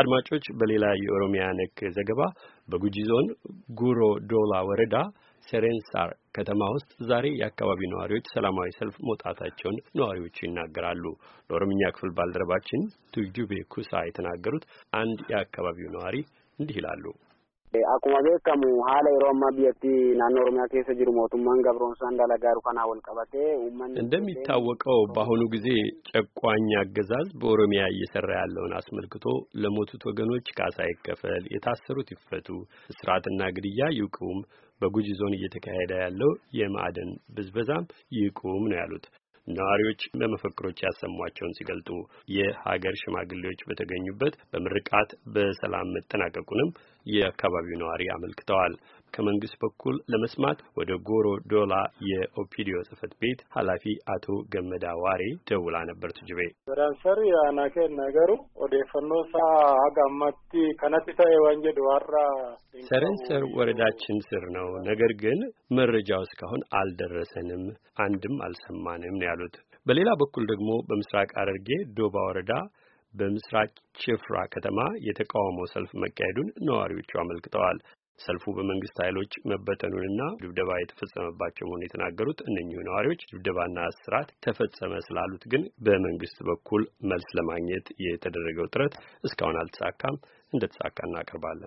አድማጮች፣ በሌላ የኦሮሚያ ነክ ዘገባ በጉጂ ዞን ጉሮ ዶላ ወረዳ ሰሬንሳር ከተማ ውስጥ ዛሬ የአካባቢው ነዋሪዎች ሰላማዊ ሰልፍ መውጣታቸውን ነዋሪዎቹ ይናገራሉ። ለኦሮምኛ ክፍል ባልደረባችን ቱጁቤ ኩሳ የተናገሩት አንድ የአካባቢው ነዋሪ እንዲህ ይላሉ። Akkuma beekamu haala yeroo ammaa biyyatti naannoo Oromiyaa keessa jiru mootummaan gabroonsaan dalagaaru kana wal qabatee uummanni እንደሚታወቀው በአሁኑ ጊዜ ጨቋኝ አገዛዝ በኦሮሚያ እየሰራ ያለውን አስመልክቶ ለሞቱት ወገኖች ካሳ ይከፈል፣ የታሰሩት ይፈቱ፣ እስራትና ግድያ ይቁም፣ በጉጂ ዞን እየተካሄደ ያለው የማዕድን ብዝበዛም ይቁም ነው ያሉት። ነዋሪዎች ለመፈክሮች ያሰሟቸውን ሲገልጡ የሀገር ሽማግሌዎች በተገኙበት በምርቃት በሰላም መጠናቀቁንም የአካባቢው ነዋሪ አመልክተዋል። ከመንግስት በኩል ለመስማት ወደ ጎሮ ዶላ የኦፒዲዮ ጽህፈት ቤት ኃላፊ አቶ ገመዳ ዋሬ ደውላ ነበር። ትጅቤ ራንሰር ያናኬ ነገሩ ወደ ፈኖሳ አጋማቲ ከነቲታ የዋንጀድ ዋራ ሰረንሰር ወረዳችን ስር ነው። ነገር ግን መረጃው እስካሁን አልደረሰንም፣ አንድም አልሰማንም ነው ያሉ ያሉት። በሌላ በኩል ደግሞ በምስራቅ ሐረርጌ ዶባ ወረዳ በምስራቅ ችፍራ ከተማ የተቃውሞ ሰልፍ መካሄዱን ነዋሪዎቹ አመልክተዋል። ሰልፉ በመንግስት ኃይሎች መበተኑንና ድብደባ የተፈጸመባቸው መሆኑን የተናገሩት እነኚሁ ነዋሪዎች ድብደባና እስራት ተፈጸመ ስላሉት ግን በመንግስት በኩል መልስ ለማግኘት የተደረገው ጥረት እስካሁን አልተሳካም። እንደተሳካ እናቀርባለን።